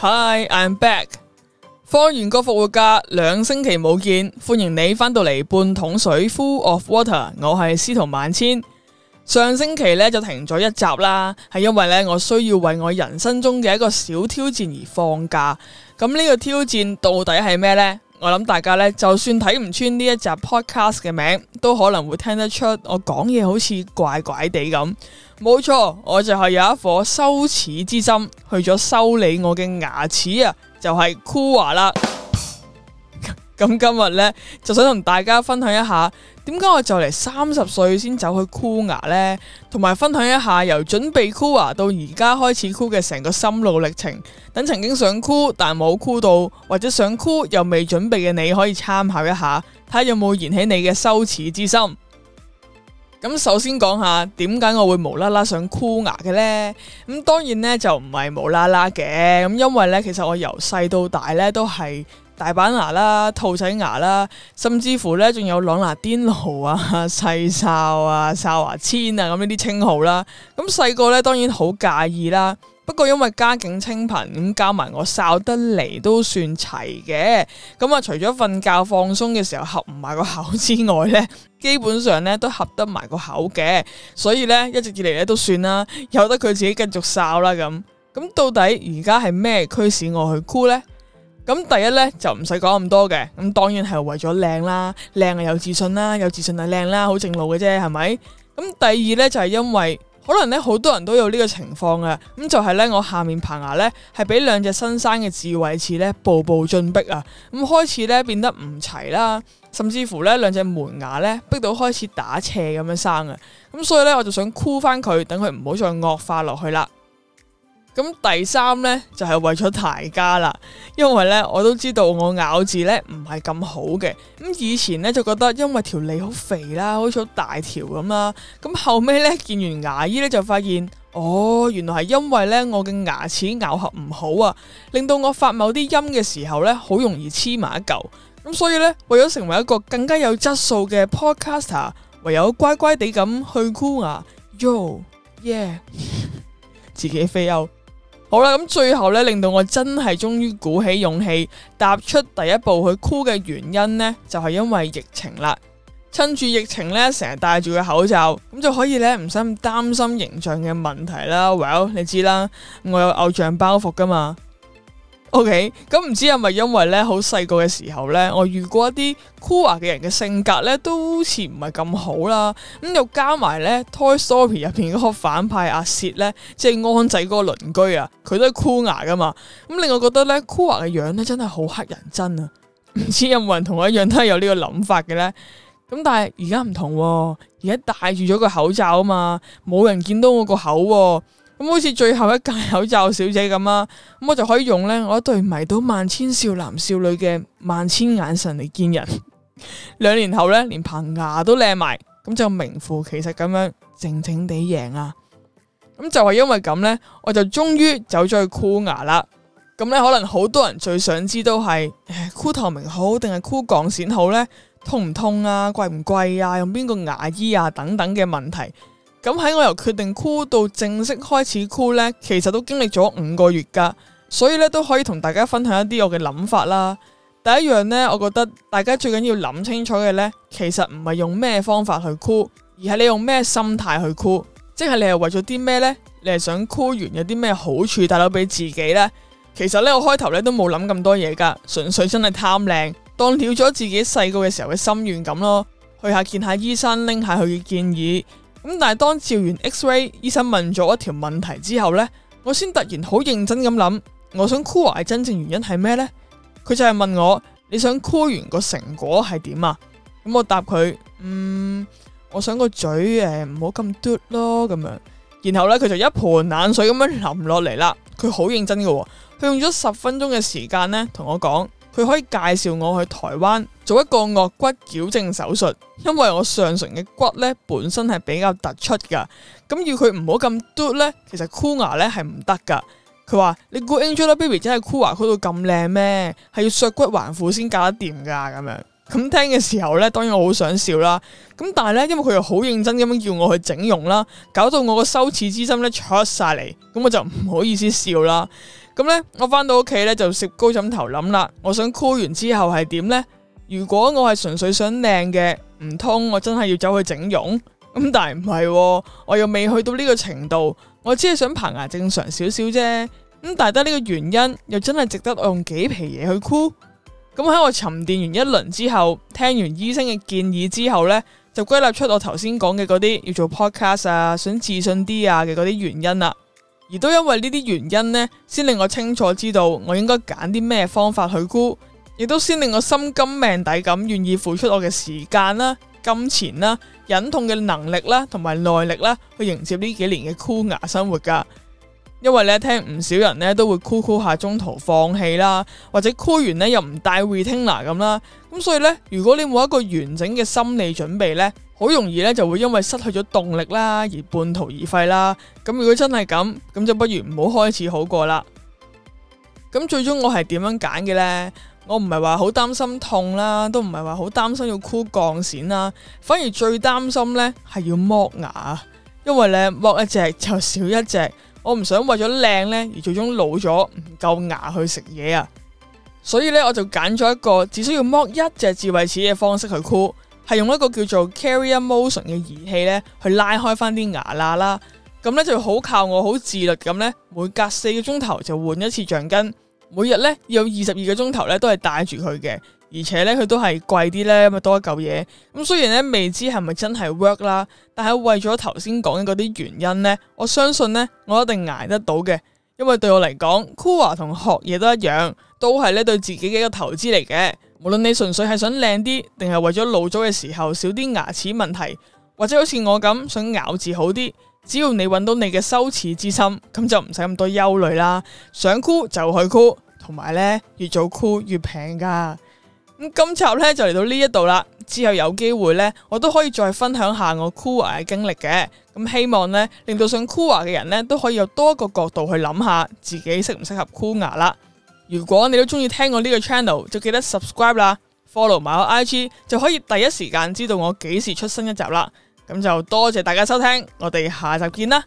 Hi，I'm back。放完個復活假，兩星期冇見，歡迎你返到嚟半桶水 full of water。我係司徒萬千。上星期咧就停咗一集啦，係因為咧我需要為我人生中嘅一個小挑戰而放假。咁呢個挑戰到底係咩咧？我諗大家咧，就算睇唔穿呢一集 podcast 嘅名，都可能會聽得出我講嘢好似怪怪地咁。冇錯，我就係有一顆羞恥之心，去咗修理我嘅牙齒啊，就係箍牙啦。咁今日呢，就想同大家分享一下，點解我就嚟三十歲先走去箍牙呢？同埋分享一下由準備箍牙到而家開始箍嘅成個心路歷程。等曾經想箍但冇箍到，或者想箍又未準備嘅你可以參考一下，睇下有冇燃起你嘅羞恥之心。咁首先講下點解我會無啦啦想箍牙嘅呢？咁當然呢，就唔係無啦啦嘅，咁因為呢，其實我由細到大呢，都係大板牙啦、兔仔牙啦，甚至乎呢，仲有朗拿甸奴啊、細哨啊、哨牙千啊咁呢啲稱號啦。咁細個呢，當然好介意啦。不過因為家境清貧，咁加埋我哨得嚟都算齊嘅。咁啊，除咗瞓覺放鬆嘅時候合唔埋個口之外呢，基本上呢都合得埋個口嘅。所以呢，一直以嚟呢都算啦，由得佢自己繼續哨啦咁。咁到底而家係咩驅使我去箍呢？咁第一呢，就唔使講咁多嘅。咁當然係為咗靚啦，靚啊有自信啦，有自信係靚啦，好正路嘅啫，係咪？咁第二呢，就係、是、因為。可能咧好多人都有呢個情況嘅，咁就係、是、咧我下面棚牙咧係俾兩隻新生嘅智慧齒咧步步進逼啊，咁開始咧變得唔齊啦，甚至乎咧兩隻門牙咧逼到開始打斜咁樣生啊，咁所以咧我就想箍翻佢，等佢唔好再惡化落去啦。咁第三呢，就係為咗大家啦，因為呢，我都知道我咬字呢唔係咁好嘅，咁以前呢，就覺得因為條脷好肥啦，好似好大條咁啦，咁後尾呢，見完牙醫呢，就發現，哦，原來係因為呢，我嘅牙齒咬合唔好啊，令到我發某啲音嘅時候呢，好容易黐埋一嚿，咁所以呢，為咗成為一個更加有質素嘅 podcaster，唯有乖乖地咁去箍牙，Yo，Yeah, 自己飛歐。好啦，咁最後咧，令到我真係終於鼓起勇氣踏出第一步去箍嘅原因呢，就係因為疫情啦。趁住疫情咧，成日戴住個口罩，咁就可以咧，唔使咁擔心形象嘅問題啦。Well，你知啦，我有偶像包袱噶嘛。O K，咁唔知係咪因為咧，好細個嘅時候咧，我遇過一啲箍牙嘅人嘅性格咧，都好似唔係咁好啦。咁、嗯、又加埋咧，Toy Story 入邊嗰個反派阿薛咧，即係安仔嗰個鄰居啊，佢都係箍牙噶嘛。咁、嗯、令我覺得咧，箍牙嘅樣咧真係好乞人憎啊！唔、嗯、知有冇人同我一樣都係有呢個諗法嘅咧？咁、嗯、但係而家唔同、哦，而家戴住咗個口罩啊嘛，冇人見到我個口、哦。咁好似最後一屆口罩小姐咁啊，咁、嗯、我就可以用呢，我一對迷倒萬千少男少女嘅萬千眼神嚟見人。兩 年後呢，連棚牙都靚埋，咁、嗯、就名副其實咁樣靜靜地贏啊。咁、嗯、就係、是、因為咁呢，我就終於走咗去箍牙啦。咁、嗯、呢，可能好多人最想知都係箍透明好定係箍鋼線好呢？痛唔痛啊，貴唔貴啊，用邊個牙醫啊，等等嘅問題。咁喺我由決定箍到正式開始箍呢，其實都經歷咗五個月噶，所以咧都可以同大家分享一啲我嘅諗法啦。第一樣呢，我覺得大家最緊要諗清楚嘅呢，其實唔係用咩方法去箍，而係你用咩心態去箍，即係你係為咗啲咩呢？你係想箍完有啲咩好處帶到俾自己呢？其實呢，我開頭咧都冇諗咁多嘢噶，純粹真係貪靚，當了咗自己細個嘅時候嘅心願咁咯，去下見下醫生，拎下佢嘅建議。咁但係當照完 X-ray，醫生問咗一條問題之後呢，我先突然好認真咁諗，我想箍牙真正原因係咩呢？佢就係問我，你想箍完個成果係點啊？咁我答佢，嗯，我想個嘴唔好咁嘟咯咁樣。然後呢，佢就一盆冷水咁樣淋落嚟啦。佢好認真嘅，哦，佢用咗十分鐘嘅時間呢，同我講。佢可以介紹我去台灣做一個顎骨矯正手術，因為我上唇嘅骨咧本身係比較突出噶，咁要佢唔好咁嘟咧，其實箍牙咧係唔得噶。佢話你估 Angelababy 真係箍牙箍到咁靚咩？係要削骨還父先搞得掂噶咁樣。咁聽嘅時候咧，當然我好想笑啦。咁但係咧，因為佢又好認真咁樣叫我去整容啦，搞到我個羞恥之心咧出晒嚟，咁我就唔好意思笑啦。咁呢、嗯，我翻到屋企呢，就攝高枕頭諗啦。我想箍完之後係點呢？如果我係純粹想靚嘅，唔通我真係要走去整容？咁、嗯、但係唔係，我又未去到呢個程度，我只係想棚牙正常少少啫。咁、嗯、但係得呢個原因又真係值得我用幾皮嘢去箍。咁、嗯、喺我沉澱完一輪之後，聽完醫生嘅建議之後呢，就歸納出我頭先講嘅嗰啲要做 podcast 啊，想自信啲啊嘅嗰啲原因啦、啊。而都因為呢啲原因呢，先令我清楚知道我應該揀啲咩方法去箍，亦都先令我心甘命抵咁願意付出我嘅時間啦、金錢啦、忍痛嘅能力啦同埋耐力啦，去迎接呢幾年嘅箍牙生活㗎。因為咧，聽唔少人咧都會箍箍下中途放棄啦，或者箍完咧又唔帶 retainer 咁啦。咁所以呢，如果你冇一個完整嘅心理準備呢，好容易呢就會因為失去咗動力啦，而半途而廢啦。咁如果真係咁，咁就不如唔好開始好過啦。咁最終我係點樣揀嘅呢？我唔係話好擔心痛啦，都唔係話好擔心要箍鋼線啦，反而最擔心呢係要剝牙，因為呢剝一隻就少一隻。我唔想為咗靚呢，而最終老咗唔夠牙去食嘢啊！所以呢，我就揀咗一個只需要剝一隻智慧齒嘅方式去箍，係用一個叫做 Carriere Motion 嘅儀器呢去拉開翻啲牙罅啦。咁呢，就好靠我好自律咁呢，每隔四個鐘頭就換一次橡筋，每日呢有二十二個鐘頭呢都係戴住佢嘅。而且呢，佢都係貴啲呢，咁多一舊嘢。咁雖然呢，未知係咪真係 work 啦，但係為咗頭先講嗰啲原因呢，我相信呢，我一定挨得到嘅。因為對我嚟講，箍牙同學嘢都一樣，都係呢對自己嘅一個投資嚟嘅。無論你純粹係想靚啲，定係為咗老咗嘅時候少啲牙齒問題，或者好似我咁想咬字好啲，只要你揾到你嘅修齒之心，咁就唔使咁多憂慮啦。想箍就去箍，同埋呢，越早箍越平噶。咁今集咧就嚟到呢一度啦，之後有機會咧，我都可以再分享下我箍牙嘅經歷嘅。咁希望咧，令到想箍牙嘅人咧都可以有多一個角度去諗下自己適唔適合箍牙啦。如果你都中意聽我呢個 channel，就記得 subscribe 啦 ，follow 埋我 IG 就可以第一時間知道我幾時出新一集啦。咁就多謝大家收聽，我哋下集見啦。